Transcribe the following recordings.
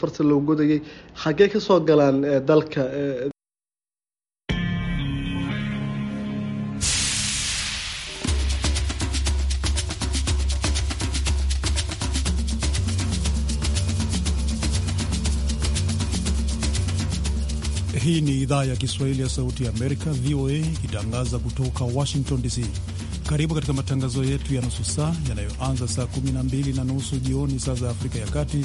farta lagu godayay xaggee ka soo galaan ee, dalka ee, Hii ni idhaa ya Kiswahili ya Sauti ya Amerika, VOA, ikitangaza kutoka Washington DC. Karibu katika matangazo yetu ya nusu saa yanayoanza saa 12 na nusu jioni saa za Afrika ya Kati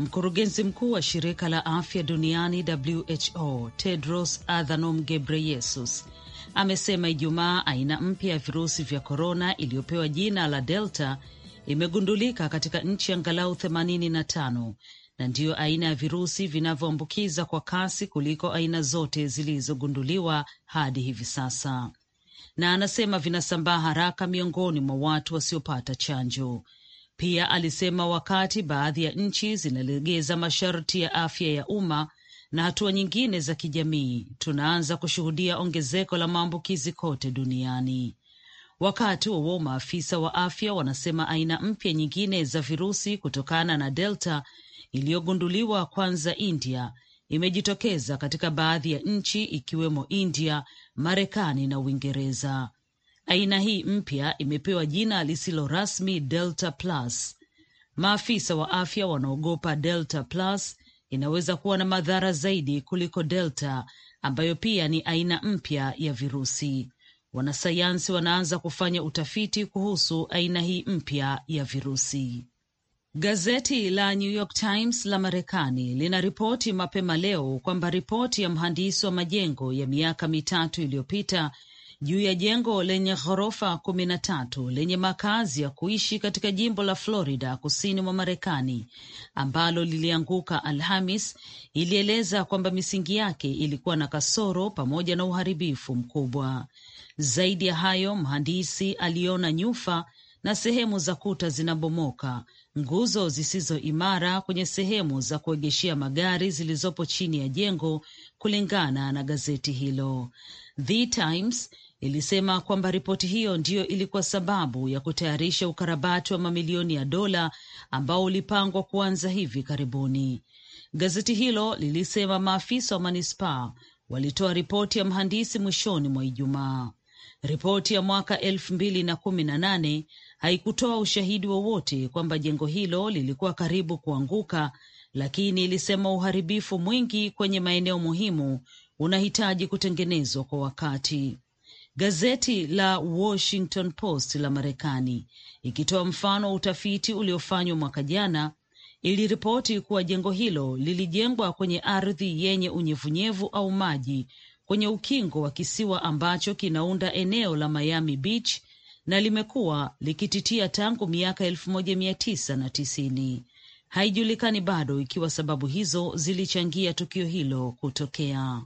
Mkurugenzi mkuu wa shirika la afya duniani WHO Tedros Adhanom Ghebreyesus amesema Ijumaa aina mpya ya virusi vya korona iliyopewa jina la Delta imegundulika katika nchi angalau 85 na ndiyo aina ya virusi vinavyoambukiza kwa kasi kuliko aina zote zilizogunduliwa hadi hivi sasa, na anasema vinasambaa haraka miongoni mwa watu wasiopata chanjo. Pia alisema wakati baadhi ya nchi zinalegeza masharti ya afya ya umma na hatua nyingine za kijamii, tunaanza kushuhudia ongezeko la maambukizi kote duniani. Wakati huo maafisa wa afya wanasema aina mpya nyingine za virusi kutokana na Delta iliyogunduliwa kwanza India imejitokeza katika baadhi ya nchi ikiwemo India, Marekani na Uingereza. Aina hii mpya imepewa jina lisilo rasmi Delta Plus. Maafisa wa afya wanaogopa Delta Plus inaweza kuwa na madhara zaidi kuliko Delta ambayo pia ni aina mpya ya virusi. Wanasayansi wanaanza kufanya utafiti kuhusu aina hii mpya ya virusi. Gazeti la New York Times la Marekani linaripoti mapema leo kwamba ripoti ya mhandisi wa majengo ya miaka mitatu iliyopita juu ya jengo lenye ghorofa kumi na tatu lenye makazi ya kuishi katika jimbo la Florida kusini mwa Marekani ambalo lilianguka Alhamis, ilieleza kwamba misingi yake ilikuwa na kasoro pamoja na uharibifu mkubwa. Zaidi ya hayo, mhandisi aliona nyufa na sehemu za kuta zinabomoka, nguzo zisizo imara kwenye sehemu za kuegeshea magari zilizopo chini ya jengo, kulingana na gazeti hilo The Times ilisema kwamba ripoti hiyo ndiyo ilikuwa sababu ya kutayarisha ukarabati wa mamilioni ya dola ambao ulipangwa kuanza hivi karibuni. Gazeti hilo lilisema maafisa wa manispaa walitoa ripoti ya mhandisi mwishoni mwa Ijumaa. Ripoti ya mwaka elfu mbili na kumi na nane haikutoa ushahidi wowote kwamba jengo hilo lilikuwa karibu kuanguka, lakini ilisema uharibifu mwingi kwenye maeneo muhimu unahitaji kutengenezwa kwa wakati. Gazeti la Washington Post la Marekani, ikitoa mfano wa utafiti uliofanywa mwaka jana, iliripoti kuwa jengo hilo lilijengwa kwenye ardhi yenye unyevunyevu au maji kwenye ukingo wa kisiwa ambacho kinaunda eneo la Miami Beach na limekuwa likititia tangu miaka elfu moja mia tisa na tisini. Haijulikani bado ikiwa sababu hizo zilichangia tukio hilo kutokea.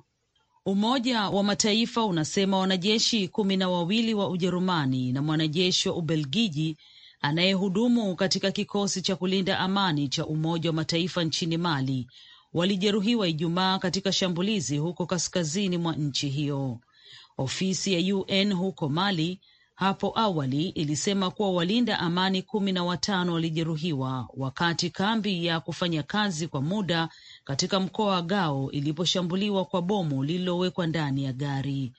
Umoja wa Mataifa unasema wanajeshi kumi na wawili wa Ujerumani na mwanajeshi wa Ubelgiji anayehudumu katika kikosi cha kulinda amani cha Umoja wa Mataifa nchini Mali walijeruhiwa Ijumaa katika shambulizi huko kaskazini mwa nchi hiyo. Ofisi ya UN huko Mali hapo awali ilisema kuwa walinda amani kumi na watano walijeruhiwa wakati kambi ya kufanya kazi kwa muda katika mkoa wa Gao iliposhambuliwa kwa bomu lililowekwa ndani ya gari.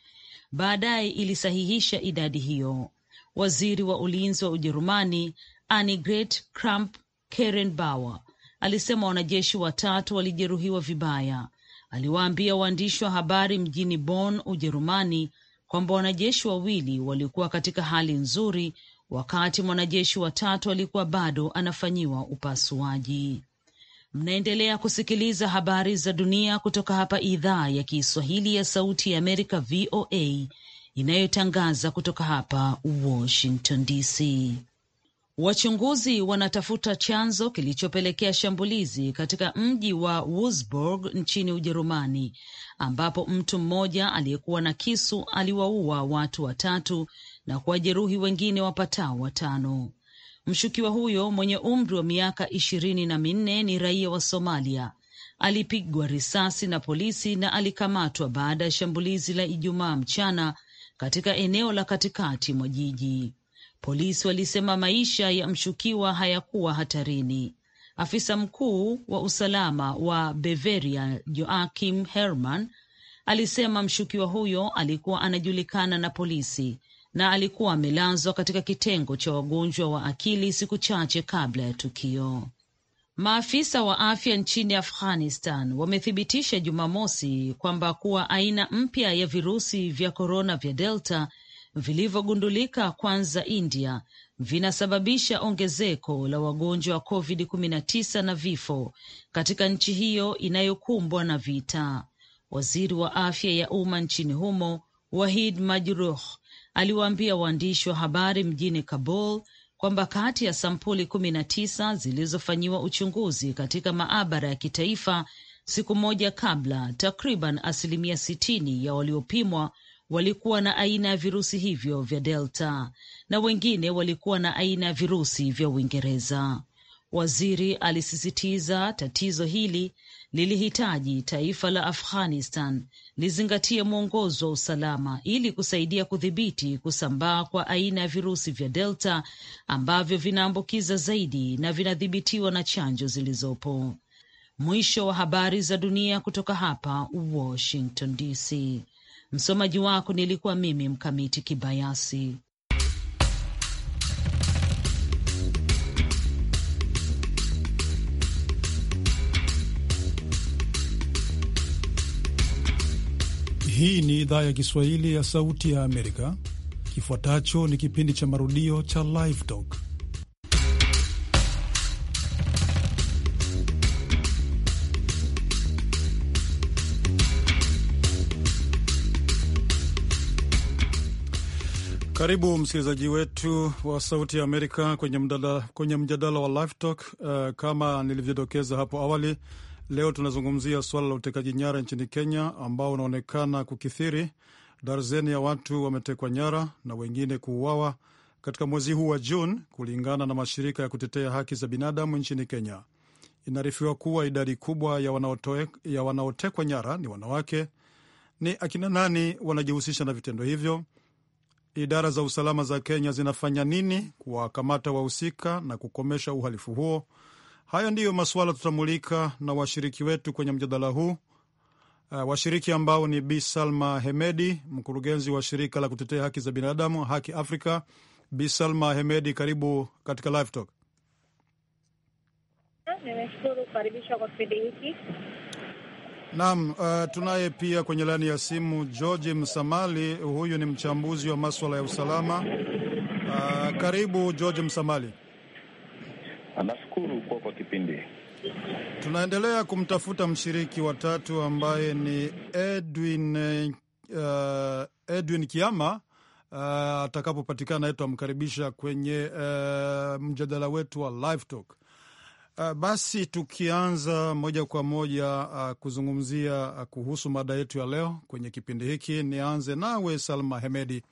Baadaye ilisahihisha idadi hiyo. Waziri wa ulinzi wa Ujerumani Annegret Kramp Karrenbauer alisema wanajeshi watatu walijeruhiwa vibaya. Aliwaambia waandishi wa habari mjini Bonn, Ujerumani, kwamba wanajeshi wawili walikuwa katika hali nzuri, wakati mwanajeshi watatu alikuwa bado anafanyiwa upasuaji. Mnaendelea kusikiliza habari za dunia kutoka hapa idhaa ya Kiswahili ya Sauti ya Amerika, VOA, inayotangaza kutoka hapa Washington DC. Wachunguzi wanatafuta chanzo kilichopelekea shambulizi katika mji wa Wurzburg nchini Ujerumani, ambapo mtu mmoja aliyekuwa na kisu aliwaua watu watatu na kuwajeruhi wengine wapatao watano. Mshukiwa huyo mwenye umri wa miaka ishirini na minne ni raia wa Somalia. Alipigwa risasi na polisi na alikamatwa baada ya shambulizi la Ijumaa mchana katika eneo la katikati mwa jiji. Polisi walisema maisha ya mshukiwa hayakuwa hatarini. Afisa mkuu wa usalama wa Bavaria Joachim Herman alisema mshukiwa huyo alikuwa anajulikana na polisi na alikuwa amelazwa katika kitengo cha wagonjwa wa akili siku chache kabla ya tukio. Maafisa wa afya nchini Afghanistan wamethibitisha Jumamosi kwamba kuwa aina mpya ya virusi vya korona vya Delta vilivyogundulika kwanza India vinasababisha ongezeko la wagonjwa wa COVID-19 na vifo katika nchi hiyo inayokumbwa na vita. Waziri wa afya ya umma nchini humo Wahid Majruh aliwaambia waandishi wa habari mjini Kabul kwamba kati ya sampuli kumi na tisa zilizofanyiwa uchunguzi katika maabara ya kitaifa siku moja kabla, takriban asilimia sitini ya waliopimwa walikuwa na aina ya virusi hivyo vya Delta na wengine walikuwa na aina ya virusi vya Uingereza. Waziri alisisitiza tatizo hili lilihitaji taifa la Afghanistan lizingatie mwongozo wa usalama ili kusaidia kudhibiti kusambaa kwa aina ya virusi vya Delta ambavyo vinaambukiza zaidi na vinadhibitiwa na chanjo zilizopo. Mwisho wa habari za dunia kutoka hapa Washington DC. Msomaji wako nilikuwa mimi Mkamiti Kibayasi. Hii ni idhaa ya Kiswahili ya Sauti ya Amerika. Kifuatacho ni kipindi cha marudio cha Live Talk. Karibu msikilizaji wetu wa Sauti ya Amerika kwenye mjadala, kwenye mjadala wa Live Talk. Uh, kama nilivyodokeza hapo awali Leo tunazungumzia suala la utekaji nyara nchini Kenya ambao unaonekana kukithiri. Darzeni ya watu wametekwa nyara na wengine kuuawa katika mwezi huu wa Juni, kulingana na mashirika ya kutetea haki za binadamu nchini Kenya. Inaarifiwa kuwa idadi kubwa ya wanaotekwa ya wanaotekwa nyara ni wanawake. Ni akina nani wanajihusisha na vitendo hivyo? Idara za usalama za Kenya zinafanya nini kuwakamata wahusika na kukomesha uhalifu huo? Hayo ndiyo masuala tutamulika na washiriki wetu kwenye mjadala huu. Uh, washiriki ambao ni Bi Salma Hemedi, mkurugenzi wa shirika la kutetea haki za binadamu Haki Afrika. Bi Salma Hemedi, karibu katika Live Talk. Nimeshukuru kukaribishwa kwa kipindi hiki. Naam, uh, tunaye pia kwenye laini ya simu George Msamali, huyu ni mchambuzi wa maswala ya usalama. Uh, karibu George Msamali. Nashukuru kuwa kwa kipindi. Tunaendelea kumtafuta mshiriki wa tatu ambaye ni Edwin uh, Edwin Kiama uh, atakapopatikana tutamkaribisha kwenye uh, mjadala wetu wa live talk. Uh, basi tukianza moja kwa moja uh, kuzungumzia uh, kuhusu mada yetu ya leo kwenye kipindi hiki, nianze nawe Salma Hemedi.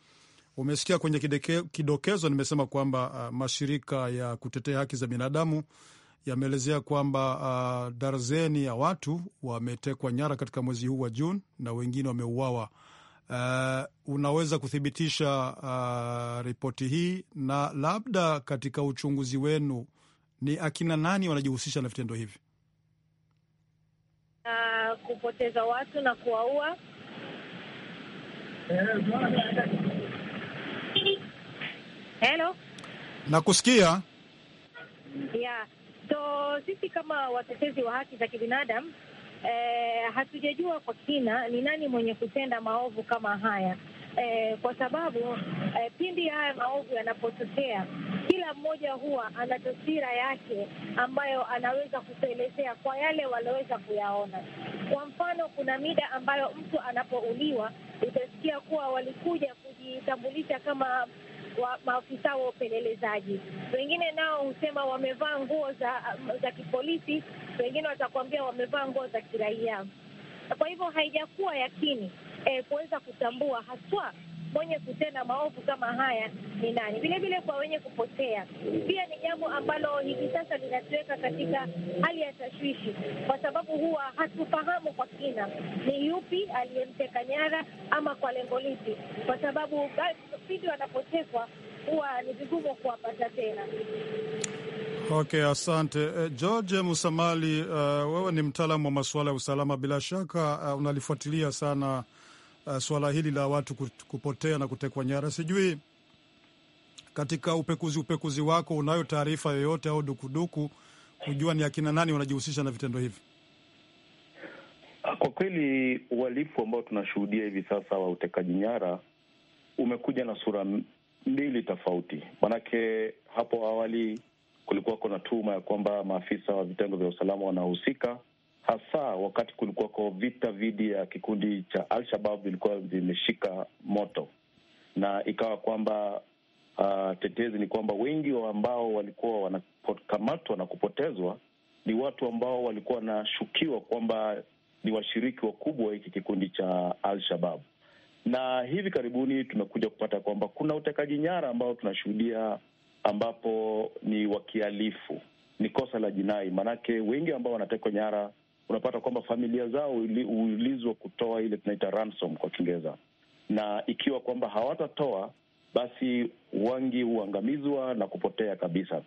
Umesikia kwenye kideke, kidokezo nimesema kwamba uh, mashirika ya kutetea haki za binadamu yameelezea kwamba uh, darzeni ya watu wametekwa nyara katika mwezi huu wa Juni na wengine wameuawa. Uh, unaweza kuthibitisha uh, ripoti hii, na labda katika uchunguzi wenu ni akina nani wanajihusisha na vitendo hivi? Uh, kupoteza watu na kuwaua eh, Hello, nakusikia. Yeah, so sisi kama watetezi wa haki za kibinadamu eh, hatujajua kwa kina ni nani mwenye kutenda maovu kama haya. Eh, kwa sababu eh, pindi haya maovu yanapotokea, kila mmoja huwa ana taswira yake ambayo anaweza kutuelezea kwa yale walioweza kuyaona. Kwa mfano, kuna mida ambayo mtu anapouliwa utasikia kuwa walikuja kujitambulisha kama wa maafisa wa upelelezaji. Wengine nao husema wamevaa nguo za, za kipolisi, wengine watakuambia wamevaa nguo za kiraia. Kwa hivyo haijakuwa yakini eh, kuweza kutambua haswa mwenye kutenda maovu kama haya ni nani. Vilevile kwa wenye kupotea pia ni jambo ambalo hivi sasa linatuweka katika hali ya tashwishi, kwa sababu huwa hatufahamu kwa kina ni yupi aliyemteka nyara ama kwa lengo lipi, kwa sababu pindi wanapotekwa huwa ni vigumu kuwapata tena. Okay, asante eh, George Musamali. Uh, wewe ni mtaalamu wa masuala ya usalama, bila shaka uh, unalifuatilia sana uh, swala hili la watu kupotea na kutekwa nyara. Sijui katika upekuzi upekuzi wako unayo taarifa yoyote au dukuduku kujua ni akina nani wanajihusisha na vitendo hivi? Kwa kweli uhalifu ambao tunashuhudia hivi sasa wa utekaji nyara umekuja na sura mbili tofauti. Manake hapo awali kulikuwa kuna tuhuma ya kwamba maafisa wa vitengo vya usalama wanahusika hasa wakati kulikuwa kwa vita dhidi ya kikundi cha Al-Shabab vilikuwa vimeshika moto, na ikawa kwamba uh, tetezi ni kwamba wengi wa ambao walikuwa wanakamatwa na kupotezwa ni watu ambao walikuwa wanashukiwa kwamba ni washiriki wakubwa wa hiki kikundi cha Al-Shabab, na hivi karibuni tumekuja kupata kwamba kuna utekaji nyara ambao tunashuhudia ambapo ni wakialifu ni kosa la jinai, maanake wengi ambao wanatekwa nyara unapata kwamba familia zao huulizwa kutoa ile tunaita ransom kwa Kiingereza, na ikiwa kwamba hawatatoa basi wangi huangamizwa na kupotea kabisa.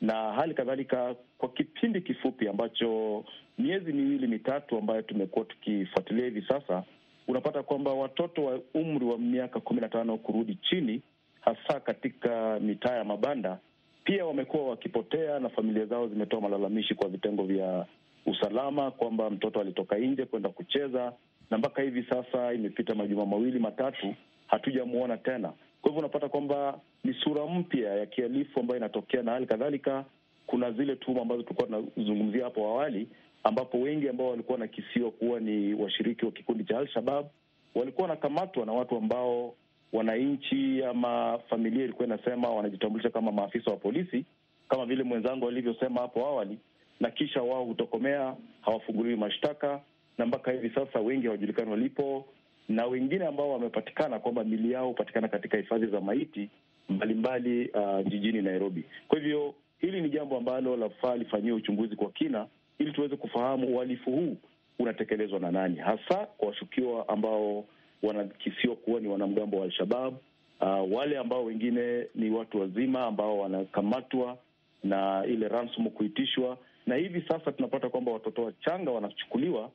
Na hali kadhalika, kwa kipindi kifupi ambacho miezi miwili mitatu ambayo tumekuwa tukifuatilia hivi sasa, unapata kwamba watoto wa umri wa miaka kumi na tano kurudi chini, hasa katika mitaa ya mabanda, pia wamekuwa wakipotea na familia zao zimetoa malalamishi kwa vitengo vya usalama kwamba mtoto alitoka nje kwenda kucheza, na mpaka hivi sasa imepita majuma mawili matatu, hatujamwona tena. Kwa hivyo unapata kwamba ni sura mpya ya kihalifu ambayo inatokea, na hali kadhalika kuna zile tuhuma ambazo tulikuwa tunazungumzia hapo awali, ambapo wengi ambao walikuwa wanakisiwa kuwa ni washiriki wa kikundi cha alshabab walikuwa wanakamatwa na watu ambao wananchi ama familia ilikuwa inasema wanajitambulisha kama maafisa wa polisi, kama vile mwenzangu alivyosema hapo awali na kisha wao hutokomea, hawafunguliwi mashtaka, na mpaka hivi sasa wengi hawajulikani walipo, na wengine ambao wamepatikana kwamba mili yao hupatikana katika hifadhi za maiti mbalimbali uh, jijini Nairobi. Kwa hivyo hili ni jambo ambalo lafaa lifanyiwe uchunguzi kwa kina, ili tuweze kufahamu uhalifu huu unatekelezwa na nani hasa, kwa washukiwa ambao wanakisiwa kuwa ni wanamgambo wa alshabab Uh, wale ambao wengine ni watu wazima ambao wanakamatwa na ile ransom kuitishwa, na hivi sasa tunapata kwamba watoto wachanga wanachukuliwa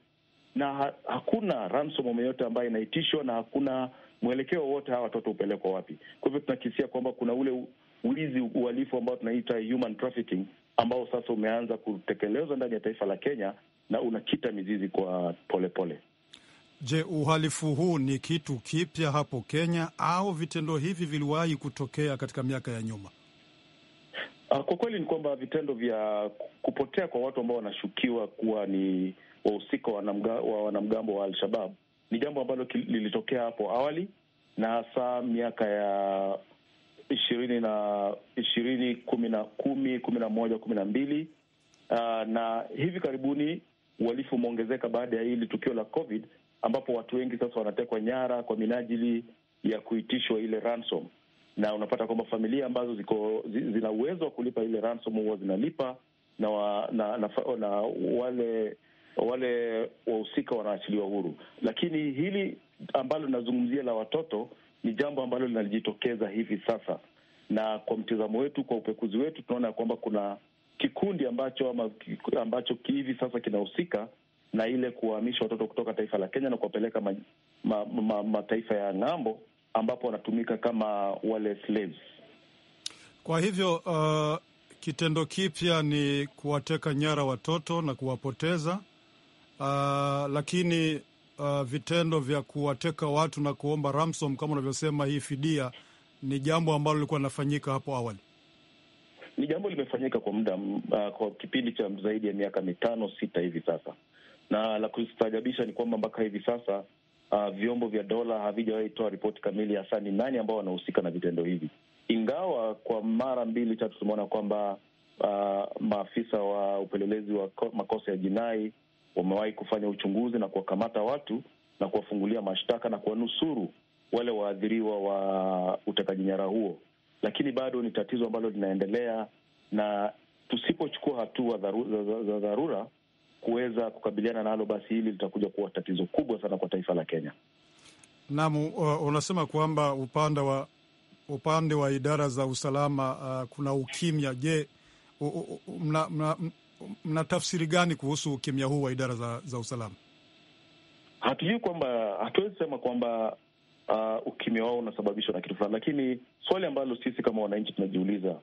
na ha hakuna ransom yoyote ambayo inaitishwa na hakuna mwelekeo wowote hawa watoto hupelekwa wapi. Kwa hivyo tunakisia kwamba kuna ule wizi, uhalifu ambao tunaita human trafficking ambao sasa umeanza kutekelezwa ndani ya taifa la Kenya na unakita mizizi kwa polepole pole. Je, uhalifu huu ni kitu kipya hapo Kenya au vitendo hivi viliwahi kutokea katika miaka ya nyuma? Ah, kwa kweli ni kwamba vitendo vya kupotea kwa watu ambao wanashukiwa kuwa ni wahusika wa wanamgambo wa Al-Shabab ni jambo ambalo lilitokea hapo awali na hasa miaka ya ishirini na ishirini kumi na kumi kumi na moja kumi na mbili ah, na hivi karibuni uhalifu umeongezeka baada ya hili tukio la COVID ambapo watu wengi sasa wanatekwa nyara kwa minajili ya kuitishwa ile ransom na unapata kwamba familia ambazo ziko zina uwezo wa kulipa ile ransom huwa zinalipa na, wa, na, na, na wale wale wahusika wanaachiliwa huru, lakini hili ambalo linazungumzia la watoto ni jambo ambalo linajitokeza hivi sasa, na kwa mtizamo wetu, kwa upekuzi wetu, tunaona ya kwamba kuna kikundi ambacho ama ambacho hivi sasa kinahusika na ile kuwahamisha watoto kutoka taifa la Kenya na kuwapeleka mataifa ma, ma, ma, ma ya ng'ambo ambapo wanatumika kama wale slaves. Kwa hivyo uh, kitendo kipya ni kuwateka nyara watoto na kuwapoteza uh, lakini uh, vitendo vya kuwateka watu na kuomba ransom kama unavyosema hii fidia ni jambo ambalo lilikuwa linafanyika hapo awali ni jambo limefanyika kwa muda uh, kwa kipindi cha zaidi ya miaka mitano sita hivi sasa, na la kustajabisha ni kwamba mpaka hivi sasa uh, vyombo vya dola havijawahi toa ripoti kamili hasa ni nani ambao wanahusika na vitendo hivi, ingawa kwa mara mbili tatu tumeona kwamba uh, maafisa wa upelelezi wa makosa ya jinai wamewahi kufanya uchunguzi na kuwakamata watu na kuwafungulia mashtaka na kuwanusuru wale waathiriwa wa utekaji nyara huo, lakini bado ni tatizo ambalo linaendelea, na tusipochukua hatua za dharura kuweza kukabiliana nalo, basi hili litakuja kuwa tatizo kubwa sana kwa taifa la Kenya. Naam, unasema kwamba upande wa upande wa idara za usalama uh, kuna ukimya. Je, mna, mna, mna tafsiri gani kuhusu ukimya huu wa idara za, za usalama? Hatujui kwamba hatuwezi sema kwamba uh, ukimya wao unasababishwa na kitu fulani, lakini swali ambalo sisi kama wananchi tunajiuliza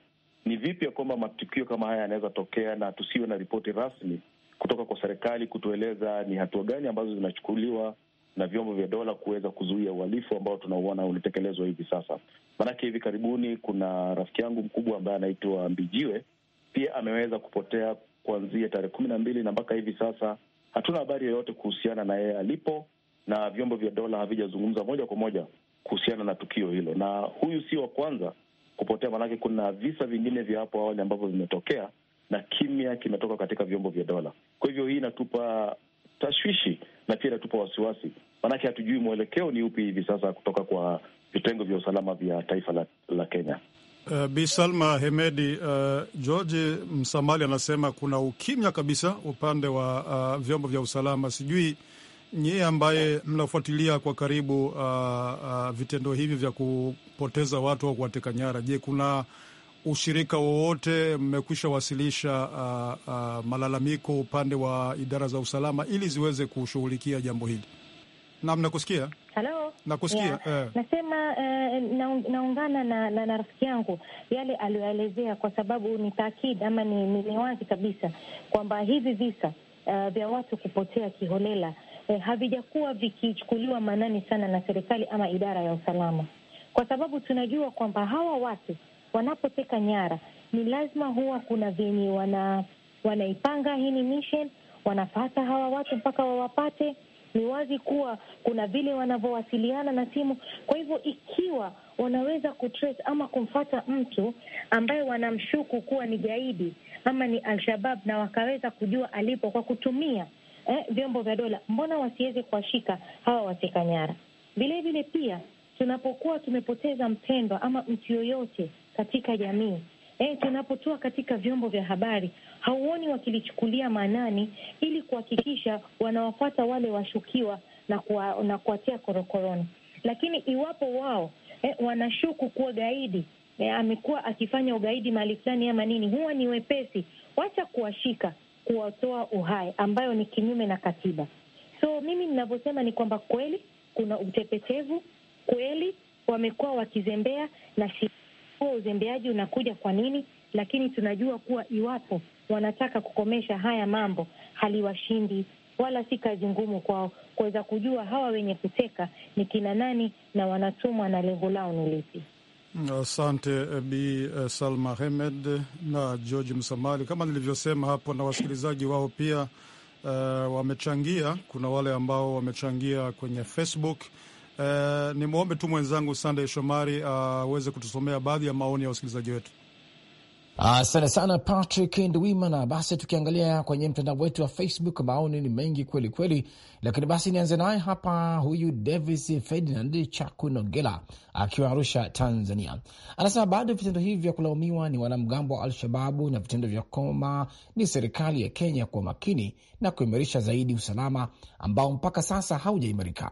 ni vipi ya kwamba matukio kama haya yanaweza tokea na tusiwe na ripoti rasmi kutoka kwa serikali kutueleza ni hatua gani ambazo zinachukuliwa na vyombo vya dola kuweza kuzuia uhalifu ambao tunauona unatekelezwa hivi sasa. Maanake hivi karibuni kuna rafiki yangu mkubwa ambaye anaitwa Mbijiwe pia ameweza kupotea kuanzia tarehe kumi na mbili na mpaka hivi sasa hatuna habari yoyote kuhusiana na yeye alipo, na vyombo vya dola havijazungumza moja kwa moja kuhusiana na tukio hilo, na huyu si wa kwanza kupotea, maanake kuna visa vingine vya hapo awali ambavyo vimetokea na kimya kinatoka katika vyombo vya dola. Kwa hivyo hii inatupa tashwishi na pia inatupa wasiwasi, maanake hatujui mwelekeo ni upi hivi sasa kutoka kwa vitengo vya usalama vya taifa la, la Kenya. Uh, Bi Salma Hemedi, uh, George Msamali anasema kuna ukimya kabisa upande wa uh, vyombo vya usalama. Sijui nyie ambaye mnafuatilia kwa karibu uh, uh, vitendo hivi vya kupoteza watu au kuwateka nyara, je, kuna ushirika wowote mmekwisha wasilisha uh, uh, malalamiko upande wa idara za usalama ili ziweze kushughulikia jambo hili? Naam, nakusikia. Halo, nakusikia yeah. Eh. Nasema eh, naungana na, na, na rafiki yangu yale aliyoelezea, kwa sababu ni taakidi ama ni, ni wazi kabisa kwamba hivi visa uh, vya watu kupotea kiholela eh, havijakuwa vikichukuliwa maanani sana na serikali ama idara ya usalama, kwa sababu tunajua kwamba hawa watu wanapoteka nyara, ni lazima huwa kuna vyenye wana wanaipanga hii ni mission, wanafata hawa watu mpaka wawapate. Ni wazi kuwa kuna vile wanavyowasiliana na simu. Kwa hivyo ikiwa wanaweza kutrace ama kumfata mtu ambaye wanamshuku kuwa ni gaidi ama ni Alshabab na wakaweza kujua alipo kwa kutumia eh, vyombo vya dola, mbona wasiweze kuwashika hawa wateka nyara? Vilevile pia tunapokuwa tumepoteza mpendwa ama mtu yoyote katika jamii. E, tunapotua katika vyombo vya habari hauoni wakilichukulia maanani ili kuhakikisha wanawafuata wale washukiwa na kuwa, na kuwatia korokoroni. Lakini iwapo wao e, wanashuku kuwa gaidi e, amekuwa akifanya ugaidi mahali fulani ama nini, huwa ni wepesi, wacha kuwashika, kuwatoa uhai, ambayo ni kinyume na katiba. So mimi ninavyosema ni kwamba kweli kuna utepetevu, kweli wamekuwa wakizembea na shika kuwa uzembeaji unakuja kwa nini, lakini tunajua kuwa iwapo wanataka kukomesha haya mambo haliwashindi wala si kazi ngumu kwao kuweza kujua hawa wenye kuteka ni kina nani na wanatumwa na lengo lao ni lipi. Asante eh, Bi eh, Salma Hemed na George Msamali. Kama nilivyosema hapo, na wasikilizaji wao pia uh, wamechangia. Kuna wale ambao wamechangia kwenye Facebook Eh, ni mwombe tu mwenzangu Sandey Shomari eh, aweze uh, kutusomea baadhi ya maoni ya wasikilizaji wetu. Asante sana Patrick Ndwimana. Basi tukiangalia kwenye mtandao wetu wa Facebook, maoni ni mengi kweli kweli, lakini basi nianze naye hapa. Huyu Davis Ferdinand Chakunogela akiwa Arusha, Tanzania, anasema bado vitendo hivi vya kulaumiwa ni wanamgambo wa Al-Shababu na vitendo vya koma ni serikali ya Kenya kuwa makini na kuimarisha zaidi usalama ambao mpaka sasa haujaimarika.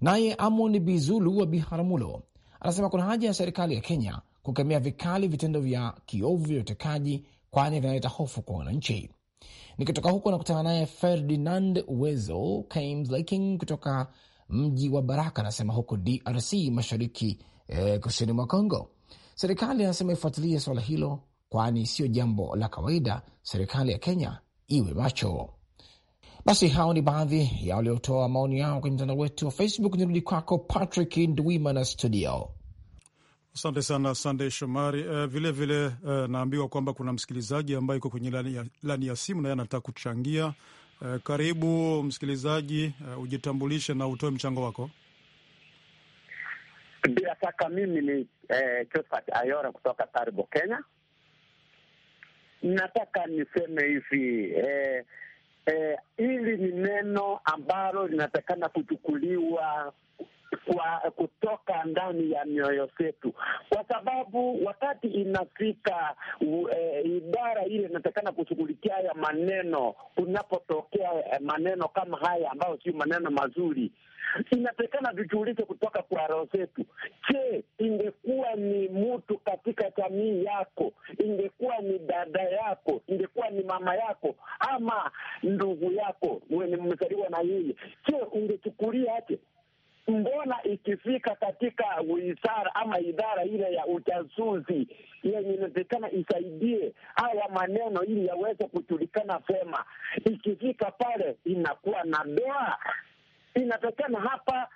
Naye Amon Bizulu wa Biharamulo anasema kuna haja ya serikali ya Kenya kukemea vikali vitendo vya kiovu vya utekaji, kwani vinaleta hofu kwa wananchi. Nikitoka huko nakutana naye Ferdinand Uwezo Kamlaking kutoka mji wa Baraka, anasema huko DRC mashariki, eh, kusini mwa Congo, serikali anasema ifuatilie swala hilo, kwani sio jambo la kawaida. Serikali ya Kenya iwe macho. Basi hao ni baadhi ya waliotoa maoni yao kwenye mtandao wetu wa Facebook. Nirudi kwako Patrick Ndwima na studio. Asante sana Sandey Shomari. Uh, eh, vilevile uh, eh, naambiwa kwamba kuna msikilizaji ambaye iko kwenye lani ya, lani ya simu naye anataka kuchangia. Uh, karibu msikilizaji, uh, ujitambulishe na utoe mchango wako. Bila shaka mimi ni eh, Ayora kutoka Taribo, Kenya. Nataka niseme hivi eh, eh, hili ni neno ambalo linatakana kuchukuliwa kwa kutoka ndani ya mioyo yetu, kwa sababu wakati inafika e, idara ile inatakana kushughulikia haya maneno. Kunapotokea eh, maneno kama haya ambayo sio maneno mazuri, inatekana vichuulizo kutoka kwa roho zetu. Je, ingekuwa ni mtu katika jamii yako, ingekuwa ni dada yako, ingekuwa ni mama yako ama ndugu yako wenye mmezaliwa na yeye, je, ungechukulia aje? Mbona ikifika katika wizara ama idara ile ya ujasuzi yenye inawezekana isaidie haya maneno ili yaweze kujulikana vema, ikifika pale inakuwa na doa inatokana hapa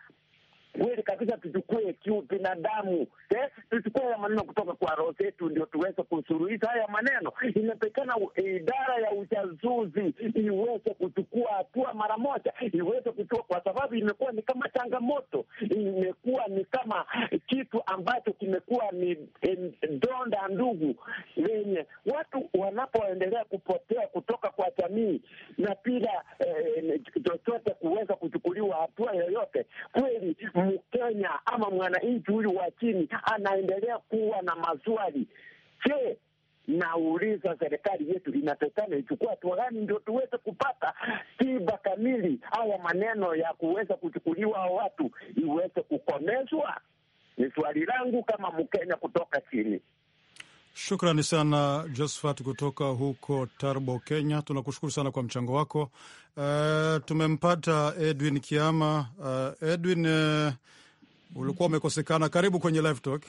kweli kabisa tuchukue kiubinadamu, eh, tuchukue haya maneno kutoka kwa roho zetu ndio tuweze kusuluhisha haya maneno. Inatakana eh, idara ya ujazuzi iweze kuchukua hatua mara moja, iweze kuchukua, kwa sababu imekuwa ni kama changamoto, imekuwa ni kama kitu ambacho kimekuwa ni eh, donda ndugu lenye watu wanapoendelea kupotea kutoka kwa jamii, na bila eh, chochote eh, kuweza kuchukuliwa hatua yoyote kweli, Mkenya ama mwananchi huyu wa chini anaendelea kuwa na maswali. Je, nauliza serikali yetu inatakana ichukua hatua gani ndio tuweze kupata tiba kamili? Haya maneno ya kuweza kuchukuliwa hao watu iweze kukomeshwa, ni swali langu kama Mkenya kutoka chini. Shukrani sana Josephat kutoka huko Tarbo, Kenya. Tunakushukuru sana kwa mchango wako. Uh, tumempata Edwin Kiama. Uh, Edwin, uh, ulikuwa umekosekana. Karibu kwenye live talk.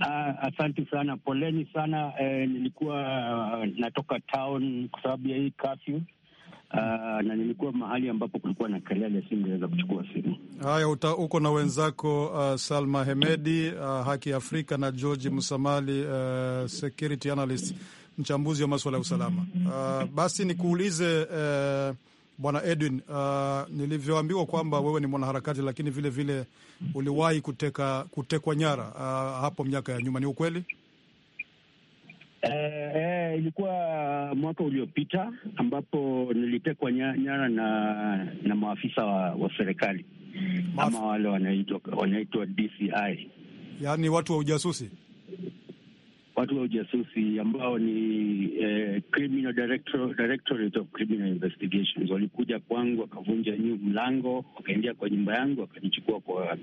Uh, asante sana, poleni sana. Uh, nilikuwa uh, natoka town kwa sababu ya hii kafyu Ah, na nilikuwa mahali ambapo kulikuwa na kelele, singeweza kuchukua simu. Haya, uta, uko na wenzako uh, Salma Hemedi uh, Haki Afrika na George Musamali uh, security analyst, mchambuzi wa maswala ya usalama uh, basi nikuulize uh, Bwana Edwin, uh, nilivyoambiwa kwamba wewe ni mwanaharakati lakini vile vile uliwahi kuteka kutekwa nyara uh, hapo miaka ya nyuma, ni ukweli? Eh, eh. Eh, ilikuwa mwaka uliopita ambapo nilitekwa nyara na na maafisa wa, wa serikali ama wale wanaitwa wanaitwa DCI, yaani watu wa ujasusi watu wa ujasusi ambao ni eh, Criminal Directorate of Criminal Investigations walikuja kwangu wakavunja nyu mlango wakaingia kwa nyumba yangu wakajichukua kwa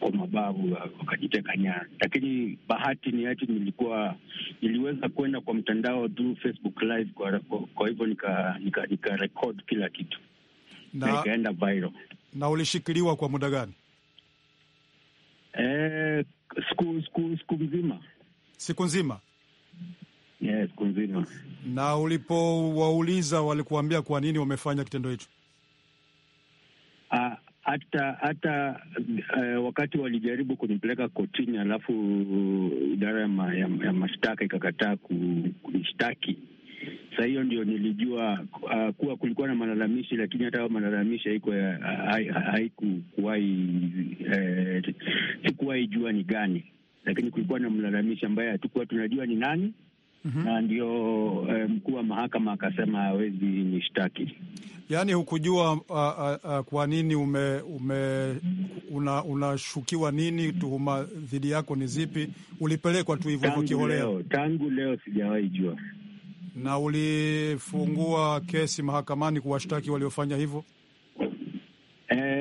kwa mabavu wakajiteka nyara, lakini bahati ni ati nilikuwa niliweza kwenda kwa mtandao through Facebook live, kwa, kwa, kwa hivyo nika, nika, nika record kila kitu na ikaenda viral. Na ulishikiliwa kwa muda gani? Eh, siku siku siku mzima siku nzima? Yes, siku nzima. Na ulipowauliza walikuambia kwa nini wamefanya kitendo hicho? Ah, hata hata uh, wakati walijaribu kunipeleka kotini, alafu idara ya, ma, ya, ya mashtaka ikakataa kunishtaki. Sa hiyo ndio nilijua uh, kuwa kulikuwa na malalamishi, lakini hata malalamishi haikuwahi eh, sikuwahi jua ni gani lakini kulikuwa na mlalamishi ambaye hatukuwa tunajua ni nani. Mm -hmm. Na ndio eh, mkuu wa mahakama akasema hawezi nishtaki. Yaani hukujua uh, uh, uh, kwa nini ume, ume unashukiwa nini, tuhuma dhidi yako ni zipi? Ulipelekwa tu hivyo hivyo kiholeo? Tangu leo sijawahi jua. Na ulifungua kesi mahakamani kuwashtaki waliofanya hivyo?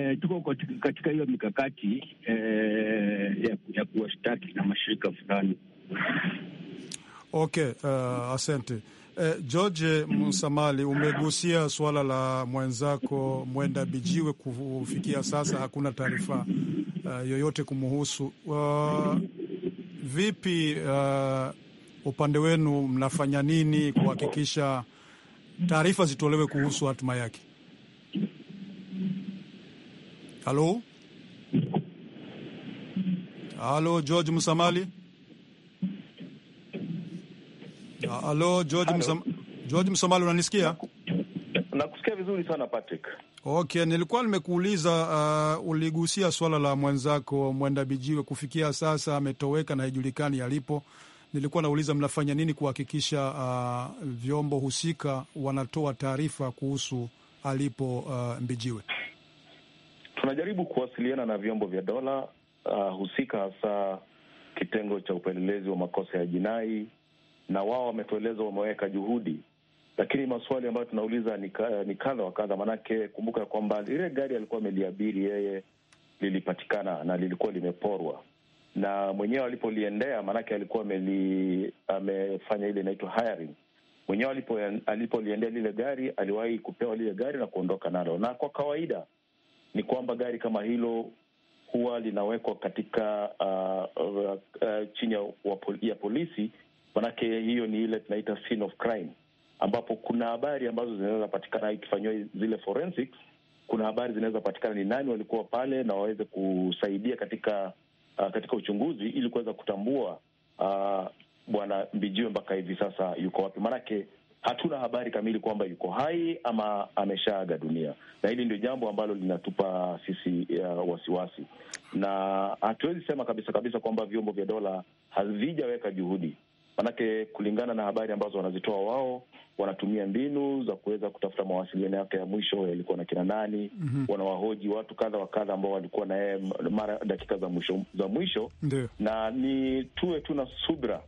Eh, tuko katika hiyo mikakati e, ya, ya kuwashtaki na mashirika fulani. Okay, uh, asante uh, George Musamali, umegusia suala la mwenzako Mwenda Bijiwe. Kufikia sasa hakuna taarifa uh, yoyote kumuhusu. uh, vipi uh, upande wenu mnafanya nini kuhakikisha taarifa zitolewe kuhusu hatima yake? Halo, halo George Musamali, halo ah, George Musam... George Musamali, unanisikia? Nakusikia vizuri sana Patrick. Okay, nilikuwa nimekuuliza uh, uligusia swala la mwenzako Mwenda Bijiwe, kufikia sasa ametoweka na haijulikani alipo. Nilikuwa nauliza mnafanya nini kuhakikisha uh, vyombo husika wanatoa taarifa kuhusu alipo uh, Mbijiwe? tunajaribu kuwasiliana na vyombo vya dola uh, husika hasa kitengo cha upelelezi wa makosa ya jinai, na wao wametueleza wameweka juhudi, lakini maswali ambayo tunauliza ni kadha wa kadha. Maanake kumbuka kwamba lile gari alikuwa ameliabiri yeye lilipatikana na lilikuwa limeporwa na mwenyewe alipoliendea, maanake alikuwa amefanya ile inaitwa hiring. Mwenyewe alipoliendea lile gari, aliwahi kupewa lile gari na kuondoka nalo, na kwa kawaida ni kwamba gari kama hilo huwa linawekwa katika uh, uh, uh, chini ya polisi, manake hiyo ni ile tunaita scene of crime, ambapo kuna habari ambazo zinaweza patikana ikifanyiwa zile forensics. Kuna habari zinaweza patikana ni nani walikuwa pale na waweze kusaidia katika uh, katika uchunguzi ili kuweza kutambua uh, bwana Mbijiwe mpaka hivi sasa yuko wapi, manake hatuna habari kamili kwamba yuko hai ama ameshaaga dunia, na hili ndio jambo ambalo linatupa sisi uh, wasiwasi, na hatuwezi sema kabisa kabisa kwamba vyombo vya dola havijaweka juhudi, manake kulingana na habari ambazo wanazitoa wao wanatumia mbinu za kuweza kutafuta mawasiliano yake ya mwisho yalikuwa na kina nani. mm -hmm. Wanawahoji watu kadha wa kadha ambao walikuwa na yeye mara dakika za mwisho za mwisho Ndiyo. na ni tuwe tu na subira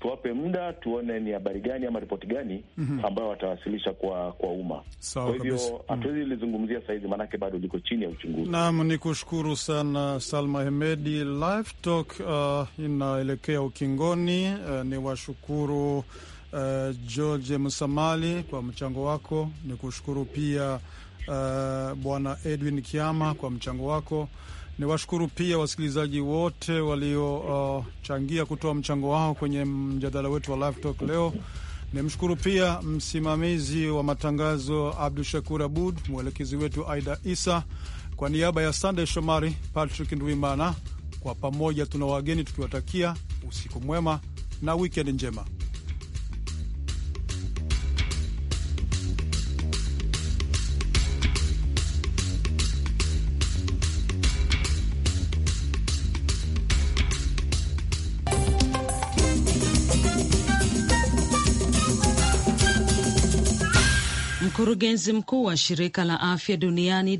tuwape muda tuone ni habari gani ama ripoti gani mm -hmm. ambayo watawasilisha kwa kwa umma. Kwa hivyo mhm. hatuwezi lizungumzia sahizi, maanake bado liko chini ya uchunguzi. Naam, ni kushukuru sana Salma Hemedi. Live Talk uh, inaelekea ukingoni. Uh, ni washukuru uh, George Musamali kwa mchango wako. Ni kushukuru pia uh, Bwana Edwin Kiama kwa mchango wako. Ni washukuru pia wasikilizaji wote waliochangia uh, kutoa mchango wao kwenye mjadala wetu wa Live Talk leo. Nimshukuru pia msimamizi wa matangazo Abdu Shakur Abud, mwelekezi wetu Aida Isa. Kwa niaba ya Sandey Shomari, Patrick Ndwimana, kwa pamoja tuna wageni tukiwatakia usiku mwema na wikendi njema. Mkurugenzi mkuu wa shirika la afya duniani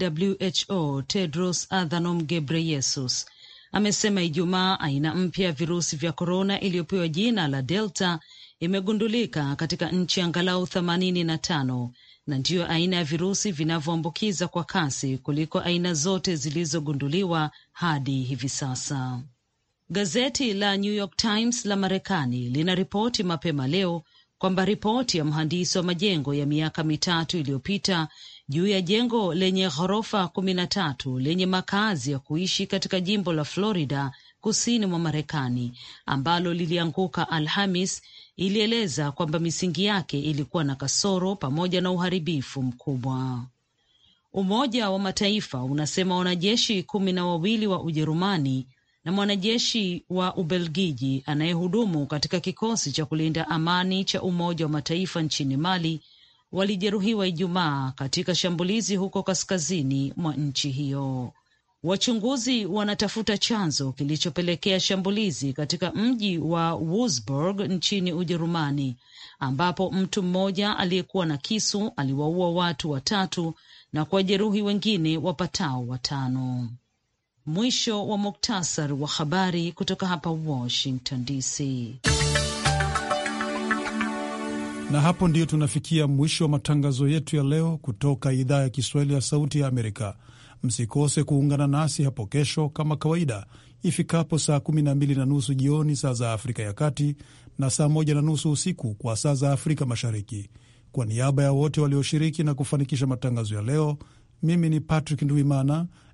WHO Tedros Adhanom Ghebreyesus amesema Ijumaa aina mpya ya virusi vya korona iliyopewa jina la Delta imegundulika katika nchi angalau themanini na tano na ndiyo aina ya virusi vinavyoambukiza kwa kasi kuliko aina zote zilizogunduliwa hadi hivi sasa. Gazeti la New York Times la Marekani linaripoti mapema leo kwamba ripoti ya mhandisi wa majengo ya miaka mitatu iliyopita juu ya jengo lenye ghorofa kumi na tatu lenye makazi ya kuishi katika jimbo la Florida kusini mwa Marekani ambalo lilianguka Alhamis ilieleza kwamba misingi yake ilikuwa na kasoro pamoja na uharibifu mkubwa. Umoja wa Mataifa unasema wanajeshi kumi na wawili wa Ujerumani na mwanajeshi wa Ubelgiji anayehudumu katika kikosi cha kulinda amani cha Umoja wa Mataifa nchini Mali walijeruhiwa Ijumaa katika shambulizi huko kaskazini mwa nchi hiyo. Wachunguzi wanatafuta chanzo kilichopelekea shambulizi katika mji wa wusburg nchini Ujerumani, ambapo mtu mmoja aliyekuwa na kisu aliwaua watu watatu na kuwajeruhi wengine wapatao watano. Mwisho wa muktasar wa habari kutoka hapa Washington DC. Na hapo ndiyo tunafikia mwisho wa matangazo yetu ya leo kutoka idhaa ya Kiswahili ya Sauti ya Amerika. Msikose kuungana nasi hapo kesho kama kawaida ifikapo saa 12 na na nusu jioni saa za Afrika ya Kati na saa moja na nusu usiku kwa saa za Afrika Mashariki. Kwa niaba ya wote walioshiriki na kufanikisha matangazo ya leo, mimi ni Patrick Ndwimana